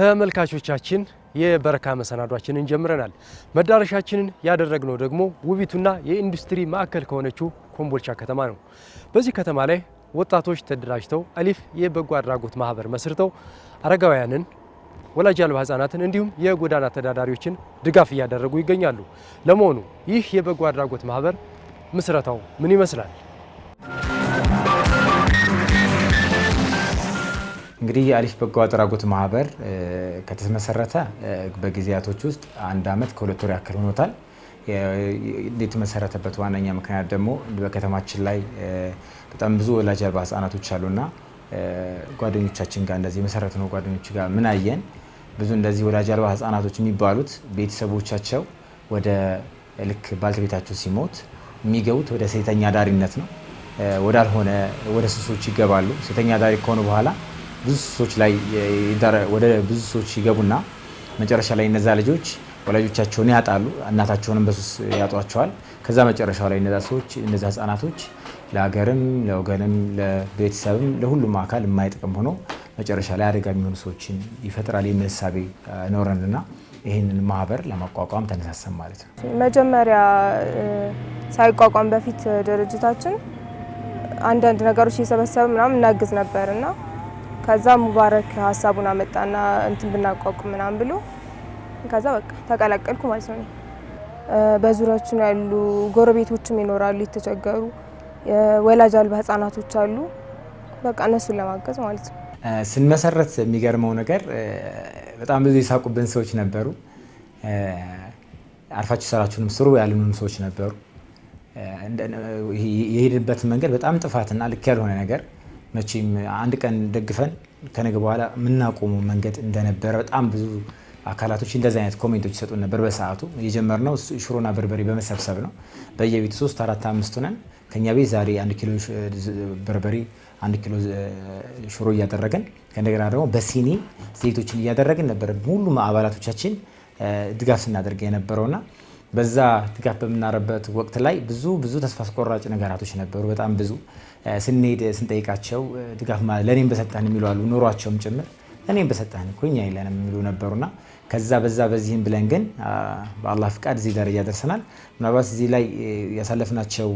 ተመልካቾቻችን የበረካ መሰናዷችንን ጀምረናል። መዳረሻችንን ያደረግነው ደግሞ ውቢቱና የኢንዱስትሪ ማዕከል ከሆነችው ኮምቦልቻ ከተማ ነው። በዚህ ከተማ ላይ ወጣቶች ተደራጅተው አሊፍ የበጎ አድራጎት ማህበር መስርተው አረጋውያንን፣ ወላጅ አልባ ህጻናትን እንዲሁም የጎዳና ተዳዳሪዎችን ድጋፍ እያደረጉ ይገኛሉ። ለመሆኑ ይህ የበጎ አድራጎት ማህበር ምስረታው ምን ይመስላል? እንግዲህ የአሊፍ በጎ አድራጎት ማህበር ከተመሰረተ በጊዜያቶች ውስጥ አንድ ዓመት ከሁለት ወር ያክል ሆኖታል። የተመሰረተበት ዋነኛ ምክንያት ደግሞ በከተማችን ላይ በጣም ብዙ ወላጅ አልባ ህጻናቶች አሉና ጓደኞቻችን ጋር እንደዚህ የመሰረት ነው ጓደኞች ጋር ምን አየን ብዙ እንደዚህ ወላጅ አልባ ህጻናቶች የሚባሉት ቤተሰቦቻቸው ወደ ልክ ባልተቤታቸው ሲሞት የሚገቡት ወደ ሴተኛ ዳሪነት ነው፣ ወዳልሆነ ወደ ሱሶች ይገባሉ። ሴተኛ ዳሪ ከሆኑ በኋላ ብዙ ሱሶች ላይ ወደ ብዙ ሱሶች ይገቡና መጨረሻ ላይ እነዛ ልጆች ወላጆቻቸውን ያጣሉ፣ እናታቸውንም በሱስ ያጧቸዋል። ከዛ መጨረሻው ላይ እነዛ ሰዎች እነዛ ህጻናቶች ለሀገርም፣ ለወገንም፣ ለቤተሰብም ለሁሉም አካል የማይጥቅም ሆኖ መጨረሻ ላይ አደጋ የሚሆኑ ሰዎችን ይፈጥራል የሚል እሳቤ ኖረንና ይህንን ማህበር ለማቋቋም ተነሳሰም ማለት ነው። መጀመሪያ ሳይቋቋም በፊት ድርጅታችን አንዳንድ ነገሮች እየሰበሰበ ምናምን እናግዝ ነበር እና ከዛ ሙባረክ ሀሳቡን አመጣና እንትን ብናቋቁም ምናምን ብሎ ከዛ በቃ ተቀላቀልኩ ማለት ነው። በዙሪያችን ያሉ ጎረቤቶችም ይኖራሉ የተቸገሩ ወላጅ አልባ ህጻናቶች አሉ። በቃ እነሱን ለማገዝ ማለት ነው። ስንመሰረት የሚገርመው ነገር በጣም ብዙ የሳቁብን ሰዎች ነበሩ። አርፋችሁ ስራችሁንም ስሩ ያሉንም ሰዎች ነበሩ። የሄድንበት መንገድ በጣም ጥፋትና ልክ ያልሆነ ነገር መቼም አንድ ቀን ደግፈን ከነገ በኋላ የምናቆመው መንገድ እንደነበረ በጣም ብዙ አካላቶች እንደዚ አይነት ኮሜንቶች ይሰጡ ነበር። በሰዓቱ የጀመርነው ሽሮና በርበሬ በመሰብሰብ ነው። በየቤቱ ሶስት አራት አምስት ሆነን ከኛ ቤት ዛሬ አንድ ኪሎ በርበሬ አንድ ኪሎ ሽሮ እያደረገን ከእንደገና ደግሞ በሲኒ ዘይቶችን እያደረግን ነበር። ሁሉም አባላቶቻችን ድጋፍ ስናደርግ የነበረውና በዛ ድጋፍ በምናረበት ወቅት ላይ ብዙ ብዙ ተስፋ አስቆራጭ ነገራቶች ነበሩ። በጣም ብዙ ስንሄድ ስንጠይቃቸው ድጋፍ ለእኔም በሰጠን የሚሉ አሉ ኑሯቸውም ጭምር እኔም በሰጠን እኮ እኛ የለንም የሚሉ ነበሩና ከዛ በዛ በዚህም ብለን ግን በአላህ ፍቃድ እዚህ ደረጃ ደርሰናል። ምናልባት እዚህ ላይ ያሳለፍናቸው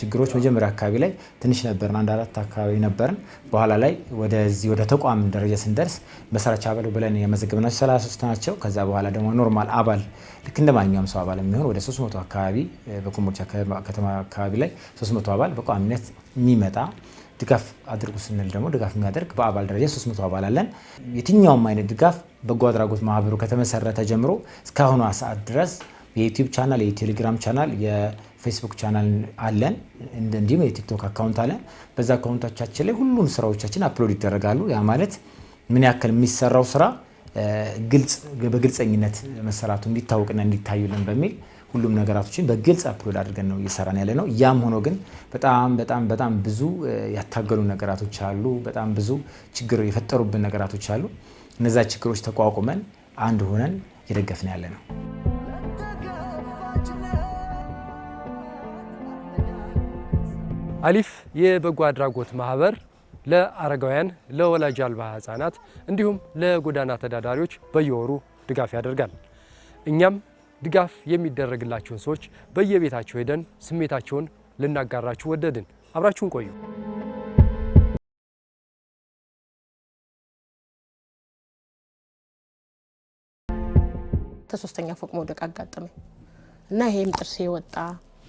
ችግሮች መጀመሪያ አካባቢ ላይ ትንሽ ነበርን፣ አንድ አራት አካባቢ ነበርን። በኋላ ላይ ወደዚህ ወደ ተቋም ደረጃ ስንደርስ መስራች አባል ብለን የመዘገብናቸው 33 ናቸው። ከዛ በኋላ ደግሞ ኖርማል አባል ልክ እንደ ማንኛውም ሰው አባል የሚሆን ወደ 300 አካባቢ በኮምቦልቻ ከተማ አካባቢ ላይ 300 አባል በቋሚነት የሚመጣ ድጋፍ አድርጉ ስንል ደግሞ ድጋፍ የሚያደርግ በአባል ደረጃ 300 አባል አለን። የትኛውም አይነት ድጋፍ በጎ አድራጎት ማህበሩ ከተመሰረተ ጀምሮ እስካሁኗ ሰዓት ድረስ የዩቲዩብ ቻናል፣ የቴሌግራም ቻናል፣ የፌስቡክ ቻናል አለን። እንዲሁም የቲክቶክ አካውንት አለን። በዛ አካውንቶቻችን ላይ ሁሉም ስራዎቻችን አፕሎድ ይደረጋሉ። ያ ማለት ምን ያክል የሚሰራው ስራ በግልጸኝነት መሰራቱ እንዲታወቅና እንዲታዩልን በሚል ሁሉም ነገራቶችን በግልጽ አፕሎድ አድርገን ነው እየሰራን ያለ ነው። ያም ሆኖ ግን በጣም በጣም በጣም ብዙ ያታገሉ ነገራቶች አሉ። በጣም ብዙ ችግር የፈጠሩብን ነገራቶች አሉ። እነዛ ችግሮች ተቋቁመን አንድ ሆነን እየደገፍን ያለ ነው። አሊፍ የበጎ አድራጎት ማህበር ለአረጋውያን፣ ለወላጅ አልባ ህጻናት እንዲሁም ለጎዳና ተዳዳሪዎች በየወሩ ድጋፍ ያደርጋል። እኛም ድጋፍ የሚደረግላቸውን ሰዎች በየቤታቸው ሄደን ስሜታቸውን ልናጋራችሁ ወደድን። አብራችሁን ቆዩ። ከሶስተኛ ፎቅ መውደቅ አጋጠመኝ እና ይሄም ጥርሴ የወጣ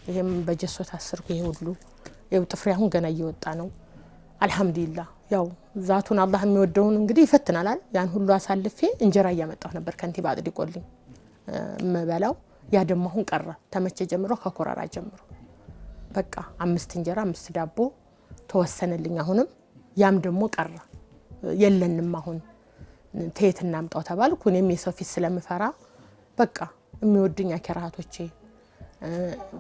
ይሄም በጀሶ ታስርኩ። ይሄ ሁሉ ይው ጥፍሬ አሁን ገና እየወጣ ነው። አልሐምዱሊላ ያው ዛቱን አላህ የሚወደውን እንግዲህ ይፈትናል። ያን ሁሉ አሳልፌ እንጀራ እያመጣሁ ነበር ከንቲባ አጥድቆልኝ የምበላው። ያ ደግሞ አሁን ቀረ። ተመቼ ጀምሮ ከኮረራ ጀምሮ በቃ አምስት እንጀራ አምስት ዳቦ ተወሰነልኝ። አሁንም ያም ደግሞ ቀረ፣ የለንም አሁን ተየት እናምጣው ተባልኩ። እኔም የሰው ፊት ስለምፈራ በቃ የሚወዱኝ አኬራቶቼ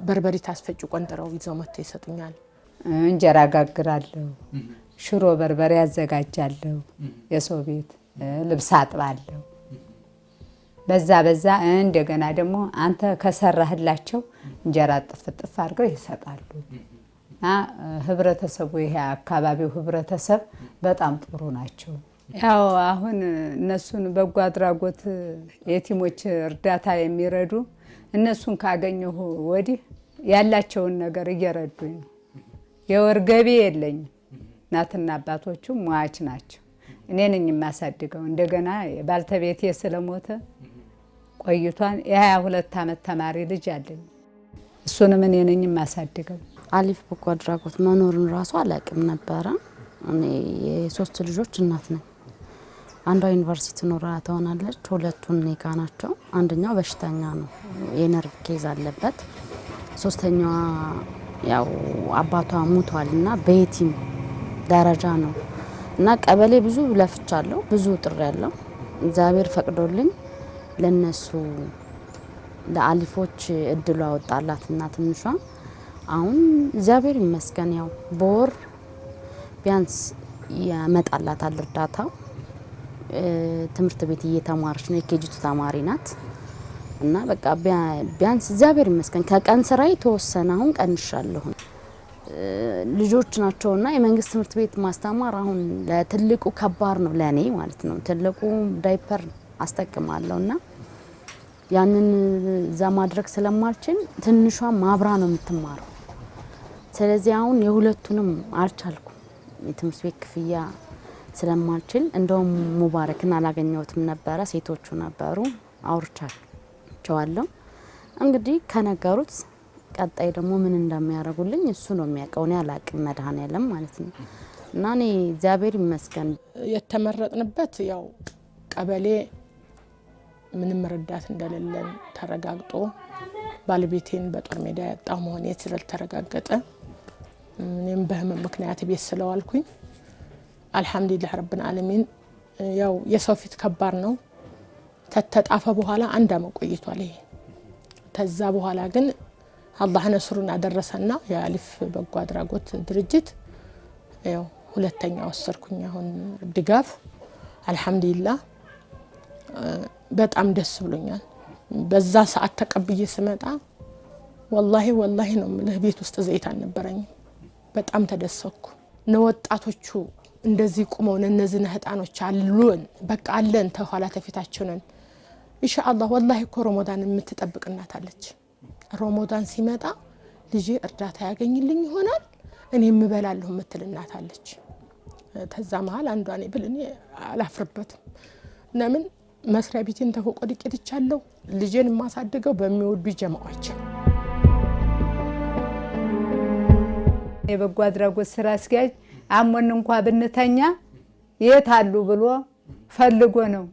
በርበሬ ታስፈጩ ቆንጥረው ይዘው መጥተው ይሰጡኛል። እንጀራ ጋግራለሁ፣ ሽሮ በርበሬ ያዘጋጃለሁ፣ የሰው ቤት ልብስ አጥባለሁ። በዛ በዛ እንደገና ደግሞ አንተ ከሰራህላቸው እንጀራ ጥፍጥፍ አድርገው ይሰጣሉ። ህብረተሰቡ ይሄ አካባቢው ህብረተሰብ በጣም ጥሩ ናቸው። ያው አሁን እነሱን በጎ አድራጎት የቲሞች እርዳታ የሚረዱ እነሱን ካገኘሁ ወዲህ ያላቸውን ነገር እየረዱኝ ነው። የወር ገቢ የለኝም። እናትና አባቶቹ ሟች ናቸው። እኔ ነኝ የማሳድገው። እንደገና ባልተቤቴ ስለሞተ ቆይቷን የሀያ ሁለት ዓመት ተማሪ ልጅ አለኝ። እሱንም እኔ ነኝ የማሳድገው። አሊፍ በጎ አድራጎት መኖርን ራሱ አላውቅም ነበረ። እኔ የሶስት ልጆች እናት ነኝ። አንዷ ዩኒቨርሲቲ ኖራ ትሆናለች። ሁለቱን እኔ ጋ ናቸው። አንደኛው በሽተኛ ነው፣ የነርቭ ኬዝ አለበት። ሶስተኛዋ ያው አባቷ ሙቷል እና በየቲም ደረጃ ነው እና ቀበሌ ብዙ ለፍቻለሁ፣ ብዙ ጥሪ ያለው እግዚአብሔር ፈቅዶልኝ ለነሱ ለአሊፎች እድሉ አወጣላትና ትንሿ አሁን እግዚአብሔር ይመስገን ያው በወር ቢያንስ ያመጣላታል እርዳታ። ትምህርት ቤት እየተማረች ነው፣ የኬጂቱ ተማሪ ናት። እና በቃ ቢያንስ እግዚአብሔር ይመስገን ከቀን ስራ የተወሰነ አሁን ቀንሻለሁ። ልጆች ናቸውና የመንግስት ትምህርት ቤት ማስተማር አሁን ለትልቁ ከባድ ነው፣ ለእኔ ማለት ነው። ትልቁ ዳይፐር አስጠቅማለሁ እና ያንን እዛ ማድረግ ስለማልችል ትንሿ ማብራ ነው የምትማረው። ስለዚህ አሁን የሁለቱንም አልቻልኩም። የትምህርት ቤት ክፍያ ስለማልችል እንደውም ሙባረክን አላገኘሁትም ነበረ። ሴቶቹ ነበሩ አውርቻቸዋለሁ። እንግዲህ ከነገሩት ቀጣይ ደግሞ ምን እንደሚያደርጉልኝ እሱ ነው የሚያውቀው። እኔ አላቅም መድኃኔዓለም ማለት ነው። እና እኔ እግዚአብሔር ይመስገን የተመረጥንበት ያው ቀበሌ ምንም ረዳት እንደሌለን ተረጋግጦ ባለቤቴን በጦር ሜዳ ያጣው መሆኔ ተረጋገጠ እኔም በህመም ምክንያት ቤት ስለዋልኩኝ አልሐምዱሊላህ ረብን አለሚን። ያው የሰው ፊት ከባድ ነው። ተተጣፈ በኋላ አንድ አመት ቆይቷል። ይሄ ከዛ በኋላ ግን አላህ ነስሩን አደረሰና የአሊፍ በጎ አድራጎት ድርጅት ያው ሁለተኛ ወሰድኩኝ አሁን ድጋፍ አልሐምዱሊላህ በጣም ደስ ብሎኛል። በዛ ሰዓት ተቀብዬ ስመጣ ወላሂ ወላሂ ነው የምልህ፣ ቤት ውስጥ ዘይት አልነበረኝም። በጣም ተደሰኩ። ነወጣቶቹ እንደዚህ ቁመው እነዚህን ህጣኖች አሉን፣ በቃ አለን፣ ተኋላ ተፊታቸው ነን። ኢንሻአላህ ወላሂ እኮ ሮሞዳን የምትጠብቅ እናት አለች። ሮሞዳን ሲመጣ ልጄ እርዳታ ያገኝልኝ ይሆናል እኔ የምበላለሁ የምትል እናት አለች። ተዛ መሀል አንዷ እኔ ብል እኔ አላፍርበትም። ለምን መስሪያ ቤቴን ተቆቆድቄ ትቻለሁ። ልጄን የማሳድገው በሚወዱ ጀማዎች የበጎ አድራጎት ስራ አስኪያጅ አሞን እንኳ ብንተኛ የት አሉ ብሎ ፈልጎ ነው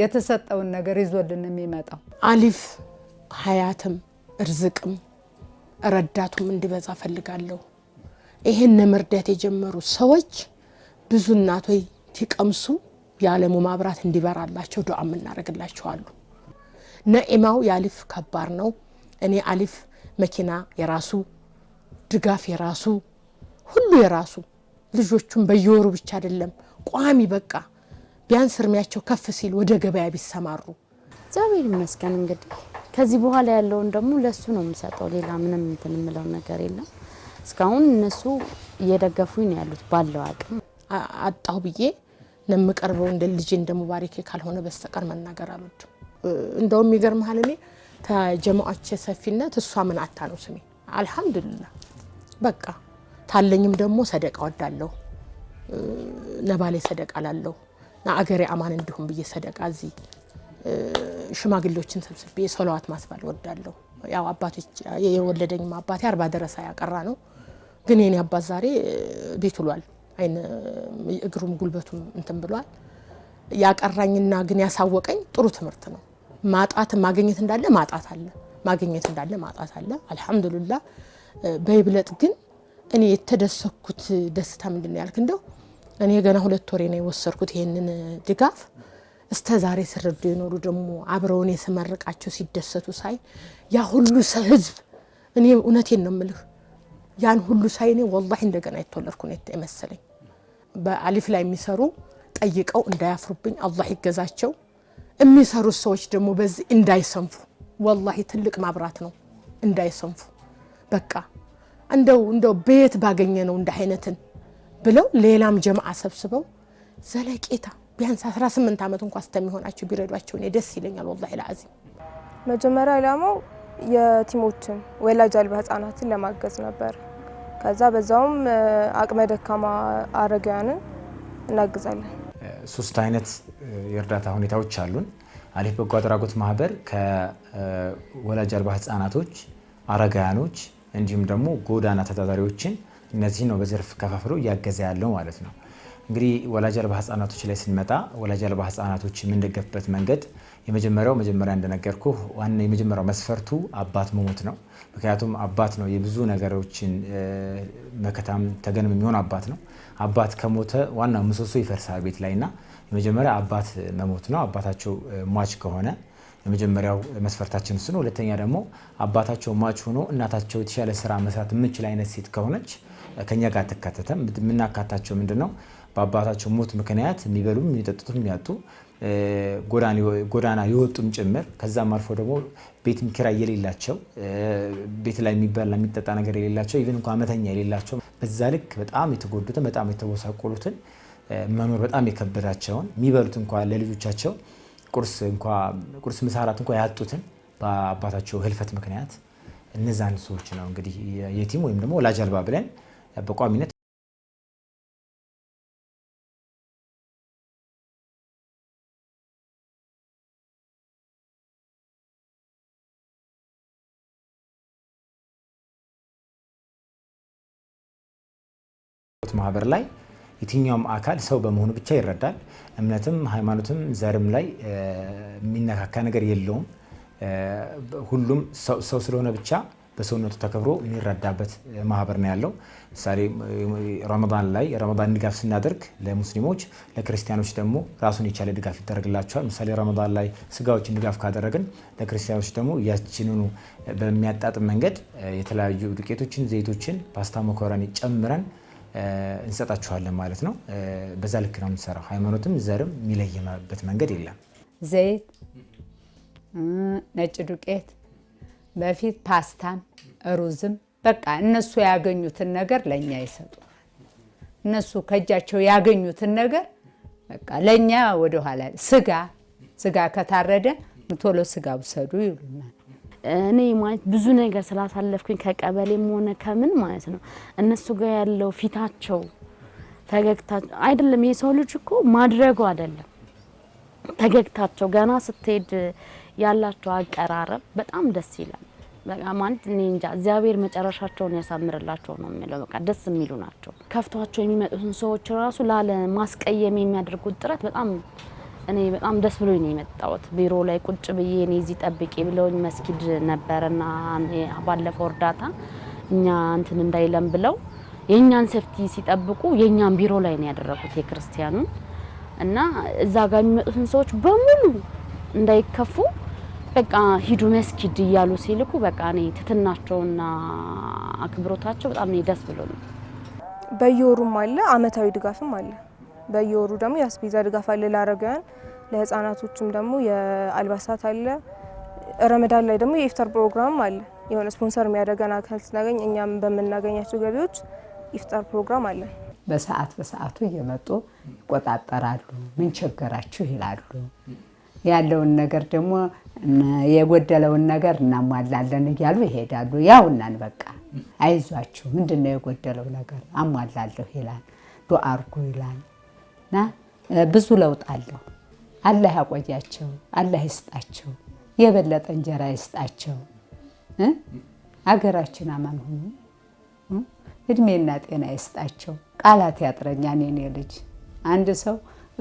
የተሰጠውን ነገር ይዞልን የሚመጣው። አሊፍ ሀያትም እርዝቅም ረዳቱም እንዲበዛ ፈልጋለሁ። ይህን መርዳት የጀመሩ ሰዎች ብዙ እናቶች ሲቀምሱ የዓለሙ ማብራት እንዲበራላቸው ዱዓ የምናደርግላቸዋሉ። ነኢማው የአሊፍ ከባድ ነው። እኔ አሊፍ መኪና የራሱ ድጋፍ የራሱ ሁሉ የራሱ ልጆቹን በየወሩ ብቻ አይደለም ቋሚ በቃ ቢያንስ እድሜያቸው ከፍ ሲል ወደ ገበያ ቢሰማሩ እግዚአብሔር ይመስገን። እንግዲህ ከዚህ በኋላ ያለውን ደግሞ ለሱ ነው የምሰጠው። ሌላ ምንም እንትን የምለው ነገር የለም። እስካሁን እነሱ እየደገፉኝ ነው ያሉት ባለው አቅም አጣሁ ብዬ ለምቀርበው እንደ ልጄ እንደ ሙባሪኬ ካልሆነ በስተቀር መናገር አልወድም። እንደውም ይገርምሃል እኔ ተጀማአቼ ሰፊነት እሷ ምን አታ ነው ስሜ አልሐምዱሊላ በቃ ታለኝም ደግሞ ሰደቃ ወዳለሁ ለባሌ ሰደቃ ላለሁ አገሬ አማን እንዲሁም ብዬ ሰደቃ እዚህ ሽማግሌዎችን ሰብስቤ ሰለዋት ማስባል ወዳለሁ። ያው አባቶች የወለደኝም አባቴ አርባ ደረሳ ያቀራ ነው። ግን የኔ አባት ዛሬ ቤት ውሏል። እግሩም ጉልበቱም እንትን ብሏል። ያቀራኝና ግን ያሳወቀኝ ጥሩ ትምህርት ነው። ማጣት ማግኘት እንዳለ ማጣት አለ፣ ማግኘት እንዳለ ማጣት አለ። አልሐምዱሊላ በይብለጥ ግን እኔ የተደሰኩት ደስታ ምንድን ነው ያልክ እንደው እኔ ገና ሁለት ወሬ ነው የወሰድኩት ይህንን ድጋፍ እስተ ዛሬ ስረዱ የኖሩ ደግሞ አብረውን የስመርቃቸው ሲደሰቱ ሳይ ያ ሁሉ ህዝብ እኔ እውነቴን ነው ምልህ ያን ሁሉ ሳይኔ ወላሂ እንደገና የተወለድኩ ነው የመሰለኝ። በአሊፍ ላይ የሚሰሩ ጠይቀው እንዳያፍሩብኝ አላህ ይገዛቸው። የሚሰሩት ሰዎች ደግሞ በዚህ እንዳይሰንፉ፣ ወላሂ ትልቅ ማብራት ነው እንዳይሰንፉ። በቃ እንደው እንደው በየት ባገኘ ነው እንደ አይነትን ብለው ሌላም ጀማዓ ሰብስበው ዘለቄታ ቢያንስ 18 ዓመት እንኳ ስተሚሆናቸው ቢረዷቸው እኔ ደስ ይለኛል። ወላሂ ለአዚም መጀመሪያ ኢላማው የቲሞችን ወላጅ አልባ ህጻናትን ለማገዝ ነበር። ከዛ በዛውም አቅመ ደካማ አረጋውያንን እናግዛለን። ሶስት አይነት የእርዳታ ሁኔታዎች አሉን። አሊፍ በጎ አድራጎት ማህበር ከወላጅ አልባ ህጻናቶች፣ አረጋውያኖች እንዲሁም ደግሞ ጎዳና ተዳዳሪዎችን እነዚህ ነው በዘርፍ ከፋፍሎ እያገዘ ያለው ማለት ነው። እንግዲህ ወላጅ አልባ ህጻናቶች ላይ ስንመጣ ወላጅ አልባ ህጻናቶች የምንደገፍበት መንገድ የመጀመሪያው መጀመሪያ እንደነገርኩ ዋና የመጀመሪያው መስፈርቱ አባት መሞት ነው። ምክንያቱም አባት ነው የብዙ ነገሮችን መከታም ተገንም የሚሆን አባት ነው። አባት ከሞተ ዋና ምሰሶ ይፈርሳል ቤት ላይ እና የመጀመሪያ አባት መሞት ነው። አባታቸው ሟች ከሆነ የመጀመሪያው መስፈርታችን እሱ ነው። ሁለተኛ ደግሞ አባታቸው ሟች ሆኖ እናታቸው የተሻለ ስራ መስራት የምንችል አይነት ሴት ከሆነች ከኛ ጋር አትካተተም። የምናካታቸው ምንድን ነው በአባታቸው ሞት ምክንያት የሚበሉም የሚጠጡትም የሚያጡ ጎዳና የወጡም ጭምር ከዛም አልፎ ደግሞ ቤትም ኪራይ የሌላቸው ቤት ላይ የሚበላ የሚጠጣ ነገር የሌላቸው ኢቨን እንኳ አመተኛ የሌላቸው በዛ ልክ በጣም የተጎዱትን በጣም የተቦሳቆሉትን መኖር በጣም የከበዳቸውን የሚበሉት እንኳ ለልጆቻቸው ቁርስ እንኳ ቁርስ እንኳ ያጡትን በአባታቸው ህልፈት ምክንያት እነዛን ሰዎች ነው እንግዲህ የቲም ወይም ደግሞ ወላጅ አልባ ብለን በቋሚነት ማህበር ላይ የትኛውም አካል ሰው በመሆኑ ብቻ ይረዳል። እምነትም ሃይማኖትም ዘርም ላይ የሚነካካ ነገር የለውም። ሁሉም ሰው ስለሆነ ብቻ በሰውነቱ ተከብሮ የሚረዳበት ማህበር ነው ያለው። ምሳሌ ረመዳን ላይ ረመዳን ድጋፍ ስናደርግ ለሙስሊሞች፣ ለክርስቲያኖች ደግሞ ራሱን የቻለ ድጋፍ ይደረግላቸዋል። ምሳሌ ረመዳን ላይ ስጋዎችን ድጋፍ ካደረግን ለክርስቲያኖች ደግሞ ያችንኑ በሚያጣጥም መንገድ የተለያዩ ዱቄቶችን፣ ዘይቶችን፣ ፓስታ፣ መኮረኒ ጨምረን እንሰጣችኋለን ማለት ነው። በዛ ልክ ነው የምንሰራው። ሃይማኖትም ዘርም የሚለይበት መንገድ የለም። ዘይት፣ ነጭ ዱቄት፣ በፊት ፓስታም ሩዝም በቃ እነሱ ያገኙትን ነገር ለእኛ ይሰጡ። እነሱ ከእጃቸው ያገኙትን ነገር በቃ ለእኛ ወደኋላ ስጋ ስጋ ከታረደ ቶሎ ስጋ ውሰዱ ይሉናል። እኔ ማለት ብዙ ነገር ስላሳለፍኩኝ ከቀበሌም ሆነ ከምን ማለት ነው እነሱ ጋር ያለው ፊታቸው ፈገግታ አይደለም። የሰው ልጅ እኮ ማድረጉ አይደለም ፈገግታቸው ገና ስትሄድ ያላቸው አቀራረብ በጣም ደስ ይላል። በቃ ማለት እኔ እንጃ እግዚአብሔር መጨረሻቸውን ያሳምርላቸው ነው የሚለው። በቃ ደስ የሚሉ ናቸው። ከፍቷቸው የሚመጡትን ሰዎች ራሱ ላለ ማስቀየም የሚያደርጉት ጥረት በጣም እኔ በጣም ደስ ብሎኝ ነው የመጣሁት። ቢሮ ላይ ቁጭ ብዬ እኔ እዚህ ጠብቄ ብለውኝ መስጊድ ነበርና ባለፈው እርዳታ እኛ እንትን እንዳይለም ብለው የእኛን ሴፍቲ ሲጠብቁ የእኛን ቢሮ ላይ ነው ያደረጉት የክርስቲያኑ እና እዛ ጋር የሚመጡትን ሰዎች በሙሉ እንዳይከፉ በቃ ሂዱ መስጊድ እያሉ ሲልኩ በቃ እኔ ትትናቸውና አክብሮታቸው በጣም ደስ ብሎ ነው። በየወሩም አለ አመታዊ ድጋፍም አለ። በየወሩ ደግሞ የአስቤዛ ድጋፍ አለ ለአረጋውያን፣ ለህፃናቶችም ደግሞ የአልባሳት አለ። ረመዳን ላይ ደግሞ የኢፍታር ፕሮግራም አለ። የሆነ ስፖንሰር የሚያደርገን አካል ስናገኝ እኛም በምናገኛቸው ገቢዎች ኢፍታር ፕሮግራም አለ። በሰዓት በሰዓቱ እየመጡ ይቆጣጠራሉ። ምን ቸገራችሁ ይላሉ። ያለውን ነገር ደግሞ የጎደለውን ነገር እናሟላለን እያሉ ይሄዳሉ። ያው እናን በቃ አይዟችሁ፣ ምንድነው የጎደለው ነገር አሟላለሁ ይላል። ዱአ አርጉ ይላል። እና ብዙ ለውጥ አለው። አላህ ያቆያቸው፣ አላህ ይስጣቸው፣ የበለጠ እንጀራ ይስጣቸው። አገራችን አማን ሁኑ፣ እድሜና ጤና ይስጣቸው። ቃላት ያጥረኛ ኔኔ ልጅ አንድ ሰው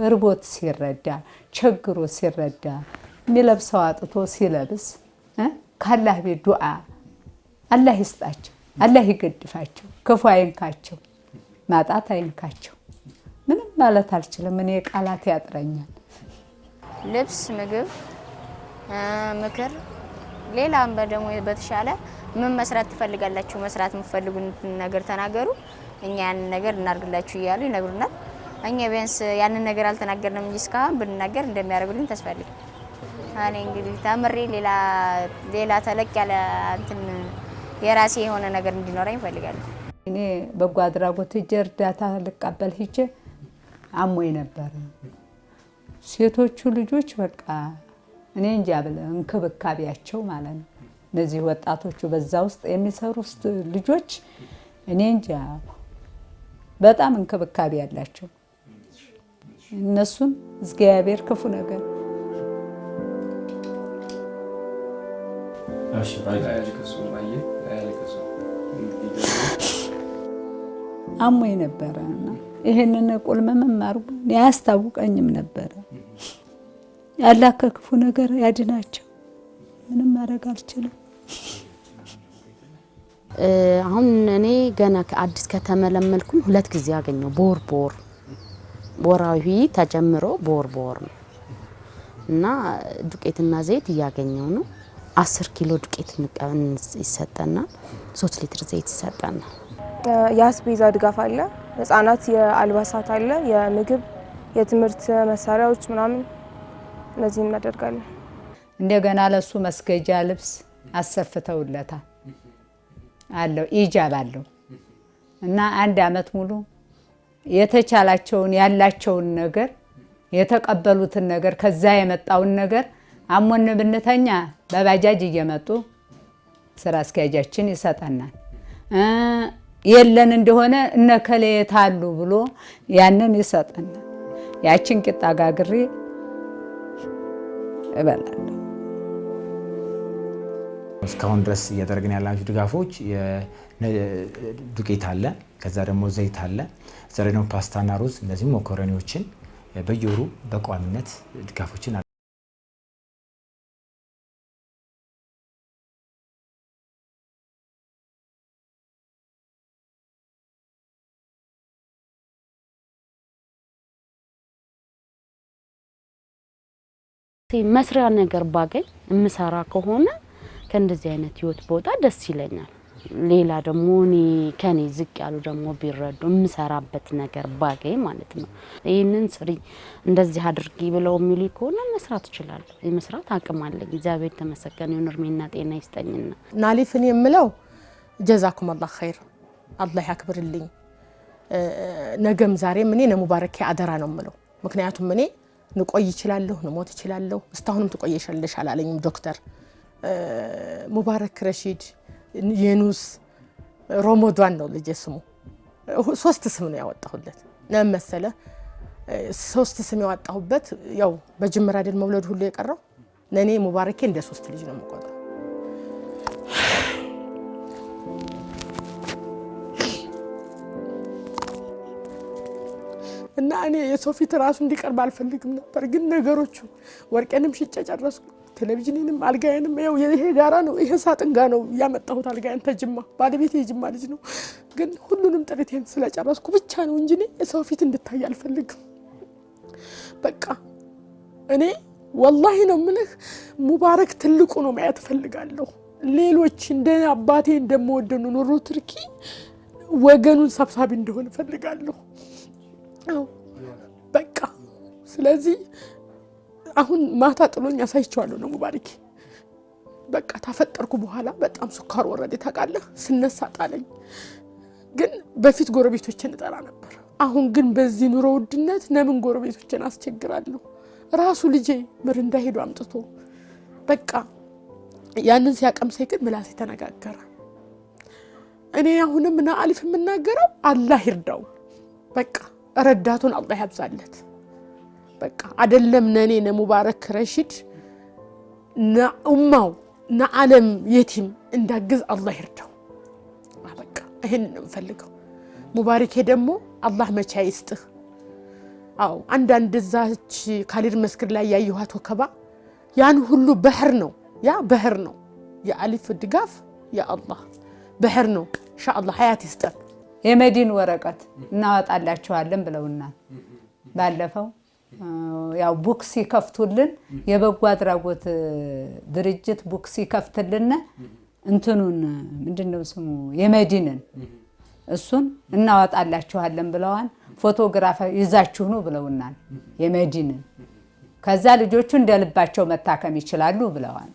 እርቦት ሲረዳ ችግሩ ሲረዳ የሚለብሰው አጥቶ ሲለብስ ካላህ ቤት ዱዓ አላህ ይስጣቸው፣ አላህ ይገድፋቸው፣ ክፉ አይንካቸው፣ ማጣት አይንካቸው። ማለት አልችልም። እኔ ቃላት ያጥረኛል። ልብስ፣ ምግብ፣ ምክር፣ ሌላም ደግሞ በተሻለ ምን መስራት ትፈልጋላችሁ፣ መስራት የምፈልጉ ነገር ተናገሩ፣ እኛ ያንን ነገር እናርግላችሁ እያሉ ይነግሩናል። እኛ ቢያንስ ያንን ነገር አልተናገርንም እንጂ እስካሁን ብንናገር እንደሚያደርጉልን ተስፋ አለኝ። እኔ እንግዲህ ተምሬ ሌላ ተለቅ ያለ እንትን የራሴ የሆነ ነገር እንዲኖረኝ እፈልጋለሁ። እኔ በጎ አድራጎት ሂጄ እርዳታ ልቀበል ሂጄ አሞኝ ነበር። ሴቶቹ ልጆች በቃ እኔ እንጃ ብለ እንክብካቤያቸው ማለት ነው። እነዚህ ወጣቶቹ በዛ ውስጥ የሚሰሩ ልጆች እኔ እንጃ በጣም እንክብካቤ ያላቸው እነሱን እግዚአብሔር ክፉ ነገር እሺ አሞኝ ነበረ እና ይሄንን ቁልመ መማሩ አያስታውቀኝም ነበረ። ያላ ከክፉ ነገር ያድናቸው። ምንም ማድረግ አልችልም። አሁን እኔ ገና አዲስ ከተመለመልኩም ሁለት ጊዜ አገኘው ቦር በወር ወራዊ ተጀምሮ ቦር ቦር ነው እና ዱቄትና ዘይት እያገኘው ነው። አስር ኪሎ ዱቄት ይሰጠናል፣ ሶስት ሊትር ዘይት ይሰጠናል። የአስቤዛ ድጋፍ አለ፣ ህጻናት የአልባሳት አለ፣ የምግብ የትምህርት መሳሪያዎች ምናምን እነዚህ እናደርጋለን። እንደገና ለሱ መስገጃ ልብስ አሰፍተውለታል አለው ኢጃብ አለው እና አንድ አመት ሙሉ የተቻላቸውን ያላቸውን ነገር የተቀበሉትን ነገር ከዛ የመጣውን ነገር አሞን ብንተኛ በባጃጅ እየመጡ ስራ አስኪያጃችን ይሰጠናል። የለን እንደሆነ እነከለየት አሉ ብሎ ያንን ይሰጠና ያችን ቂጣ ጋግሬ እበላለሁ። እስካሁን ድረስ እያደረግን ያላችሁ ድጋፎች ዱቄት አለ፣ ከዛ ደግሞ ዘይት አለ፣ ዘሬ ደግሞ ፓስታና ሩዝ፣ እነዚህም መኮረኒዎችን በየወሩ በቋሚነት ድጋፎችን መስሪያ ነገር ባገኝ የምሰራ ከሆነ ከእንደዚህ አይነት ህይወት ቦታ ደስ ይለኛል። ሌላ ደግሞ እኔ ከኔ ዝቅ ያሉ ደግሞ ቢረዱ የምሰራበት ነገር ባገኝ ማለት ነው። ይህንን ስሪ፣ እንደዚህ አድርጊ ብለው የሚሉ ከሆነ መስራት ይችላሉ። የመስራት አቅም አለኝ። እግዚአብሔር ተመሰገን ይሁን፣ እርሜና ጤና ይስጠኝና ናሊፍን የምለው ጀዛኩም አላህ ኸይር፣ አላህ ያክብርልኝ። ነገም ዛሬም እኔ ነሙባረኪ አደራ ነው የምለው ምክንያቱም እኔ ንቆይ ይችላለሁ ንሞት ይችላለሁ እስታሁንም ትቆየሻለሽ አላለኝም ዶክተር ሙባረክ ረሺድ የኑስ ሮሞዷን ነው ልጄ ስሙ ሶስት ስም ነው ያወጣሁለት ነ መሰለ ሶስት ስም ያወጣሁበት ያው በጅምራ ድል መውለድ ሁሉ የቀረው ለእኔ ሙባረኬ እንደ ሶስት ልጅ ነው የምቆጥረው እና እኔ የሰው ፊት ራሱ እንዲቀርብ አልፈልግም ነበር፣ ግን ነገሮቹ ወርቄንም ሽጬ ጨረስኩ። ቴሌቪዥንንም አልጋዬንም ው ይሄ ጋራ ነው ይሄ ሳጥን ጋ ነው ያመጣሁት። አልጋዬን ተጅማ ባለቤት የጅማ ልጅ ነው። ግን ሁሉንም ጥሪቴን ስለጨረስኩ ብቻ ነው እንጂ እኔ የሰው ፊት እንድታይ አልፈልግም። በቃ እኔ ወላሂ ነው ምልህ ሙባረክ ትልቁ ነው ማየት እፈልጋለሁ። ሌሎች እንደ አባቴ እንደምወደኑ ኑሮ ትርኪ ወገኑን ሰብሳቢ እንደሆን እፈልጋለሁ። በቃ ስለዚህ አሁን ማታ ጥሎኝ ያሳይቸዋለሁ ነው ሙባሪክ። በቃ ታፈጠርኩ በኋላ በጣም ስኳር ወረደ ታውቃለህ። ስነሳ ጣለኝ። ግን በፊት ጎረቤቶችን እጠራ ነበር። አሁን ግን በዚህ ኑሮ ውድነት ለምን ጎረቤቶችን አስቸግራለሁ? ራሱ ልጄ ምር እንዳሄዱ አምጥቶ በቃ ያንን ሲያቀምሰኝ ግን ምላሴ ተነጋገረ። እኔ አሁንም ና አሊፍ የምናገረው አላህ ይርዳው በቃ ረዳቱን አላህ ያብዛለት። በቃ አደለም ነኔ ነሙባረክ ረሺድ ነኡማው ነዓለም የቲም እንዳግዝ አላህ ይርዳው። በቃ ይህን ነው የምፈልገው። ሙባሪኬ ደግሞ አላህ መቻ ይስጥህ። አዎ አንዳንድ እዛች ካሊድ መስጊድ ላይ ያየኋት ወከባ ያን ሁሉ በህር ነው፣ ያ በህር ነው። የአሊፍ ድጋፍ የአላህ በህር ነው። ኢንሻአላህ ሀያት ይስጠን። የመዲን ወረቀት እናወጣላችኋለን ብለውናል። ባለፈው ያው ቡክ ሲከፍቱልን የበጎ አድራጎት ድርጅት ቡክ ሲከፍትልን እንትኑን ምንድነው ስሙ የመዲንን እሱን እናወጣላችኋለን ብለዋል። ፎቶግራፍ ይዛችሁ ኑ ብለውናል የመዲንን። ከዛ ልጆቹ እንደልባቸው መታከም ይችላሉ ብለዋል።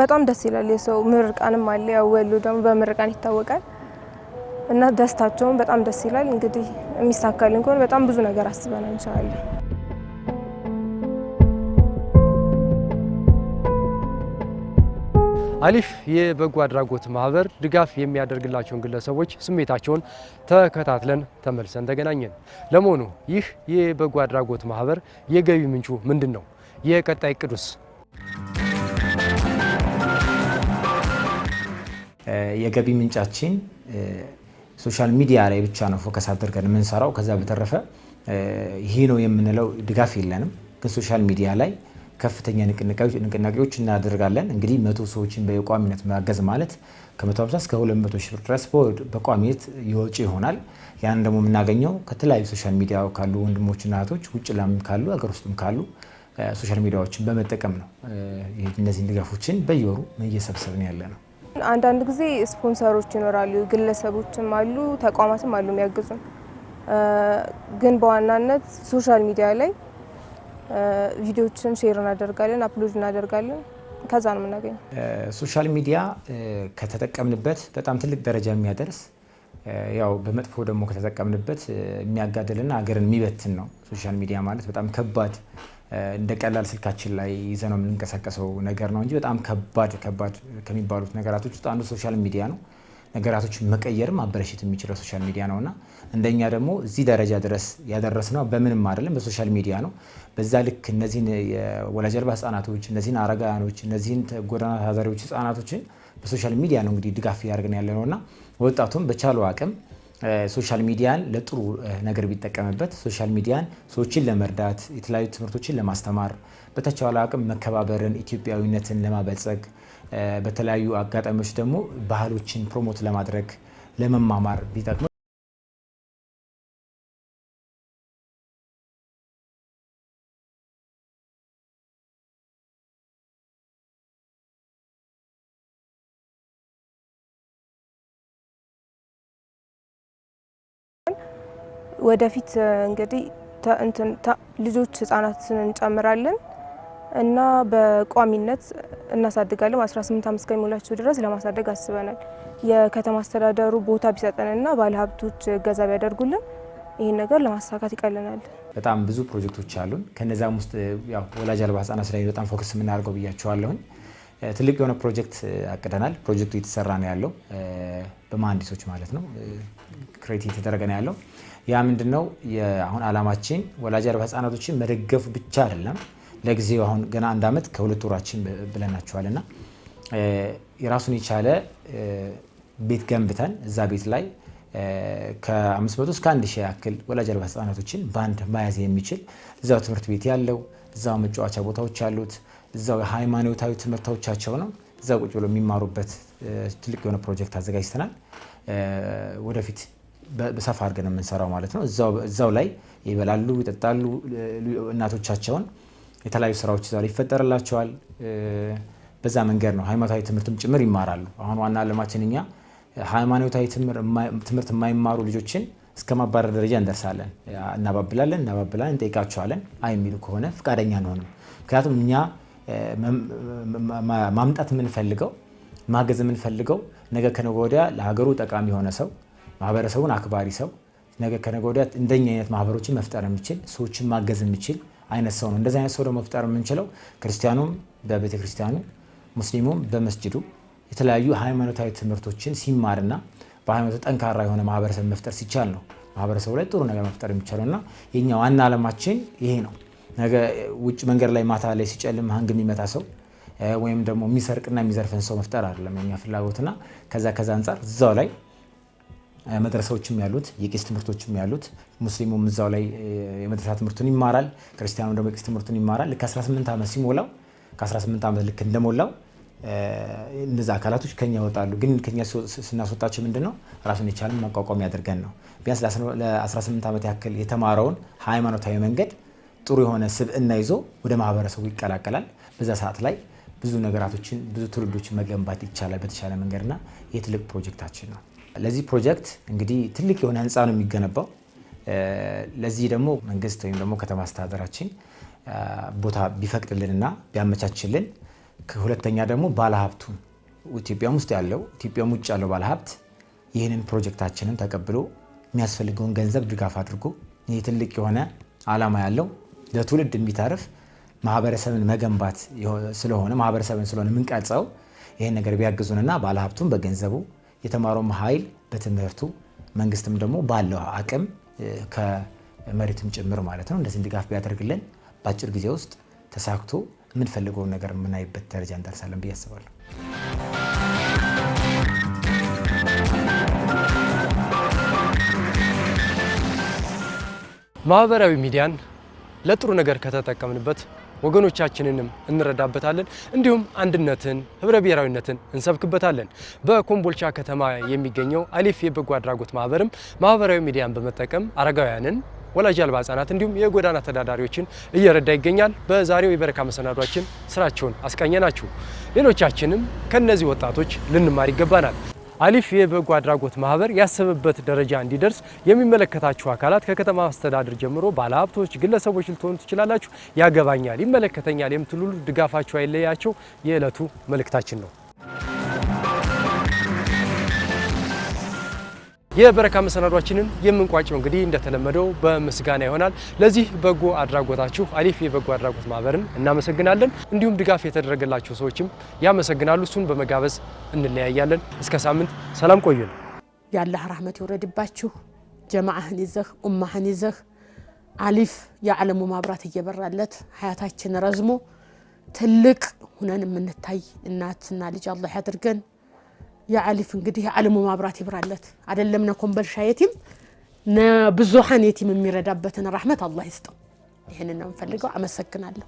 በጣም ደስ ይላል። የሰው ምርቃንም አለ። ያው ወሎ ደግሞ በምርቃን ይታወቃል። እና ደስታቸውን በጣም ደስ ይላል። እንግዲህ የሚሳካልን ከሆነ በጣም ብዙ ነገር አስበናል እንችላለን። አሊፍ የበጎ አድራጎት ማህበር ድጋፍ የሚያደርግላቸውን ግለሰቦች ስሜታቸውን ተከታትለን ተመልሰን ተገናኘን። ለመሆኑ ይህ የበጎ አድራጎት ማህበር የገቢ ምንጩ ምንድን ነው? የቀጣይ ቅዱስ የገቢ ምንጫችን ሶሻል ሚዲያ ላይ ብቻ ነው ፎከስ አድርገን የምንሰራው። ከዛ በተረፈ ይሄ ነው የምንለው ድጋፍ የለንም። ግን ሶሻል ሚዲያ ላይ ከፍተኛ ንቅናቄዎች እናደርጋለን። እንግዲህ መቶ ሰዎችን በቋሚነት ማገዝ ማለት ከ150 እስከ 200 ሺህ ብር ድረስ በቋሚነት የወጪ ይሆናል። ያን ደግሞ የምናገኘው ከተለያዩ ሶሻል ሚዲያ ካሉ ወንድሞችና እህቶች ውጭ ላም ካሉ አገር ውስጥም ካሉ ሶሻል ሚዲያዎችን በመጠቀም ነው እነዚህን ድጋፎችን በየወሩ እየሰብሰብን ያለ ነው። አንዳንድ ጊዜ ስፖንሰሮች ይኖራሉ፣ ግለሰቦችም አሉ፣ ተቋማትም አሉ የሚያግዙን። ግን በዋናነት ሶሻል ሚዲያ ላይ ቪዲዮዎችን ሼር እናደርጋለን፣ አፕሎድ እናደርጋለን። ከዛ ነው የምናገኘው። ሶሻል ሚዲያ ከተጠቀምንበት በጣም ትልቅ ደረጃ የሚያደርስ ያው በመጥፎ ደግሞ ከተጠቀምንበት የሚያጋደልና ሀገርን የሚበትን ነው። ሶሻል ሚዲያ ማለት በጣም ከባድ እንደ ቀላል ስልካችን ላይ ይዘ ነው የምንንቀሳቀሰው ነገር ነው እንጂ በጣም ከባድ ከባድ ከሚባሉት ነገራቶች ውስጥ አንዱ ሶሻል ሚዲያ ነው። ነገራቶችን መቀየርም ማበረሸት የሚችለው ሶሻል ሚዲያ ነው እና እንደኛ ደግሞ እዚህ ደረጃ ድረስ ያደረስነው በምንም አይደለም በሶሻል ሚዲያ ነው። በዛ ልክ እነዚህን ወላጅ አልባ ህጻናቶች፣ እነዚህን አረጋውያኖች፣ እነዚህን ጎዳና ታዛሪዎች ህጻናቶችን በሶሻል ሚዲያ ነው እንግዲህ ድጋፍ እያደረግን ያለ ነው እና ወጣቱም በቻለው አቅም ሶሻል ሚዲያን ለጥሩ ነገር ቢጠቀምበት ሶሻል ሚዲያን ሰዎችን ለመርዳት የተለያዩ ትምህርቶችን ለማስተማር በተቻለ አቅም መከባበርን፣ ኢትዮጵያዊነትን ለማበልጸግ በተለያዩ አጋጣሚዎች ደግሞ ባህሎችን ፕሮሞት ለማድረግ ለመማማር ቢጠቅም ወደፊት እንግዲህ ልጆች ህጻናትን እንጨምራለን እና በቋሚነት እናሳድጋለን። 18 ዓመት እስከሚሞላቸው ድረስ ለማሳደግ አስበናል። የከተማ አስተዳደሩ ቦታ ቢሰጠንና ባለሀብቶች እገዛ ቢያደርጉልን ይህን ነገር ለማሳካት ይቀልናል። በጣም ብዙ ፕሮጀክቶች አሉን። ከነዚም ውስጥ ወላጅ አልባ ህጻናት ላይ በጣም ፎከስ የምናደርገው ብያቸዋለሁኝ። ትልቅ የሆነ ፕሮጀክት አቅደናል። ፕሮጀክቱ እየተሰራ ነው ያለው፣ በመሀንዲሶች ማለት ነው። ክሬት እየተደረገ ነው ያለው ያ ምንድን ነው አሁን አላማችን ወላጅ አልባ ህጻናቶችን መደገፍ ብቻ አይደለም። ለጊዜው አሁን ገና አንድ ዓመት ከሁለት ወራችን ብለናቸዋል እና የራሱን የቻለ ቤት ገንብተን እዛ ቤት ላይ ከ500 እስከ 1000 ያክል ወላጅ አልባ ህጻናቶችን በአንድ መያዝ የሚችል እዛው ትምህርት ቤት ያለው እዛው መጫወቻ ቦታዎች ያሉት እዛው ሃይማኖታዊ ትምህርቶቻቸው ነው እዛው ቁጭ ብሎ የሚማሩበት ትልቅ የሆነ ፕሮጀክት አዘጋጅተናል ወደፊት በሰፋ አድርገን የምንሰራው ማለት ነው። እዛው ላይ ይበላሉ፣ ይጠጣሉ። እናቶቻቸውን የተለያዩ ስራዎች እዛ ላይ ይፈጠርላቸዋል። በዛ መንገድ ነው ሃይማኖታዊ ትምህርትም ጭምር ይማራሉ። አሁን ዋና አለማችን እኛ ሃይማኖታዊ ትምህርት የማይማሩ ልጆችን እስከ ማባረር ደረጃ እንደርሳለን። እናባብላለን እናባብላለን እንጠይቃቸዋለን። አይ የሚሉ ከሆነ ፈቃደኛ አንሆንም። ምክንያቱም እኛ ማምጣት የምንፈልገው ማገዝ የምንፈልገው ነገ ከነገ ወዲያ ለሀገሩ ጠቃሚ የሆነ ሰው ማህበረሰቡን አክባሪ ሰው ነገ ከነገ ወዲያ እንደኛ አይነት ማህበሮችን መፍጠር የሚችል ሰዎችን ማገዝ የሚችል አይነት ሰው ነው። እንደዚህ አይነት ሰው ደግሞ መፍጠር የምንችለው ክርስቲያኑም በቤተ ክርስቲያኑ፣ ሙስሊሙም በመስጅዱ የተለያዩ ሃይማኖታዊ ትምህርቶችን ሲማርና በሃይማኖቱ ጠንካራ የሆነ ማህበረሰብ መፍጠር ሲቻል ነው ማህበረሰቡ ላይ ጥሩ ነገር መፍጠር የሚቻለውና የኛ ዋና ዓላማችን ይሄ ነው። ነገ ውጭ መንገድ ላይ ማታ ላይ ሲጨልም ሀንግ የሚመታ ሰው ወይም ደግሞ የሚሰርቅና የሚዘርፈን ሰው መፍጠር አይደለም የኛ ፍላጎትና ከዛ ከዛ አንጻር እዛው ላይ መድረሳዎችም ያሉት የቄስ ትምህርቶችም ያሉት ሙስሊሙም እዛው ላይ የመድረሳ ትምህርቱን ይማራል። ክርስቲያኑ ደግሞ የቄስ ትምህርቱን ይማራል። ልክ 18 ዓመት ሲሞላው ከ18 ዓመት ልክ እንደሞላው እነዚ አካላቶች ከኛ ይወጣሉ። ግን ከኛ ስናስወጣቸው ምንድን ነው ራሱን የቻለን መቋቋም ያደርገን ነው። ቢያንስ ለ18 ዓመት ያክል የተማረውን ሃይማኖታዊ መንገድ ጥሩ የሆነ ስብዕና ይዞ ወደ ማህበረሰቡ ይቀላቀላል። በዛ ሰዓት ላይ ብዙ ነገራቶችን ብዙ ትውልዶችን መገንባት ይቻላል በተሻለ መንገድና የትልቅ ፕሮጀክታችን ነው። ለዚህ ፕሮጀክት እንግዲህ ትልቅ የሆነ ህንፃ ነው የሚገነባው። ለዚህ ደግሞ መንግስት ወይም ደግሞ ከተማ አስተዳደራችን ቦታ ቢፈቅድልንና ቢያመቻችልን፣ ሁለተኛ ደግሞ ባለሀብቱ ኢትዮጵያም ውስጥ ያለው ኢትዮጵያም ውጭ ያለው ባለሀብት ይህንን ፕሮጀክታችንን ተቀብሎ የሚያስፈልገውን ገንዘብ ድጋፍ አድርጎ ይህ ትልቅ የሆነ አላማ ያለው ለትውልድ የሚታርፍ ማህበረሰብን መገንባት ስለሆነ ማህበረሰብን ስለሆነ የምንቀጸው ይህን ነገር ቢያግዙንና ባለሀብቱን በገንዘቡ የተማረውም ኃይል በትምህርቱ መንግስትም ደግሞ ባለው አቅም ከመሬትም ጭምር ማለት ነው እንደዚህ ድጋፍ ቢያደርግልን በአጭር ጊዜ ውስጥ ተሳክቶ የምንፈልገውን ነገር የምናይበት ደረጃ እንደርሳለን ብዬ አስባለሁ። ማህበራዊ ሚዲያን ለጥሩ ነገር ከተጠቀምንበት ወገኖቻችንንም እንረዳበታለን። እንዲሁም አንድነትን፣ ህብረ ብሔራዊነትን እንሰብክበታለን። በኮምቦልቻ ከተማ የሚገኘው አሊፍ የበጎ አድራጎት ማህበርም ማህበራዊ ሚዲያን በመጠቀም አረጋውያንን ወላጅ አልባ ህጻናት እንዲሁም የጎዳና ተዳዳሪዎችን እየረዳ ይገኛል። በዛሬው የበረካ መሰናዷችን ስራቸውን አስቃኘናችሁ። ሌሎቻችንም ከነዚህ ወጣቶች ልንማር ይገባናል። አሊፍ የበጎ አድራጎት ማህበር ያሰበበት ደረጃ እንዲደርስ የሚመለከታችሁ አካላት ከከተማ አስተዳደር ጀምሮ ባለሀብቶች፣ ግለሰቦች ልትሆኑ ትችላላችሁ። ያገባኛል፣ ይመለከተኛል የምትሉሉ ድጋፋችሁ አይለያቸው የዕለቱ መልእክታችን ነው። የበረካ መሰናዷችንን የምንቋጨው እንግዲህ እንደተለመደው በምስጋና ይሆናል። ለዚህ በጎ አድራጎታችሁ አሊፍ የበጎ አድራጎት ማህበርን እናመሰግናለን። እንዲሁም ድጋፍ የተደረገላችሁ ሰዎችም ያመሰግናሉ። እሱን በመጋበዝ እንለያያለን። እስከ ሳምንት ሰላም ቆዩን። የአላህ ረህመት ይውረድባችሁ። ጀማዓህን ይዘህ ኡማህን ይዘህ አሊፍ የዓለሙ ማብራት እየበራለት ሀያታችን ረዝሞ ትልቅ ሁነን የምንታይ እናትና ልጅ አላህ ያድርገን። የአሊፍ እንግዲህ የዓለሙ ማብራት ይብራለት አይደለም ነኮምበልሻ የቲም ብዙሀን የቲም የሚረዳበትን ራህመት አላህ ይስጠው። ይህንን ነው የምፈልገው። አመሰግናለሁ።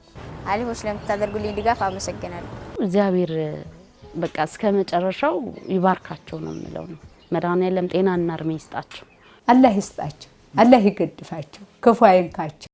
አሊፎች ለምታደርጉልኝ ድጋፍ አመሰግናለሁ። እግዚአብሔር በቃ እስከ መጨረሻው ይባርካቸው ነው የምለው ነው። መድኃኔዓለም ጤናና እድሜ ይስጣቸው፣ አላህ ይስጣቸው፣ አላህ ይገድፋቸው፣ ክፉ አይንካቸው።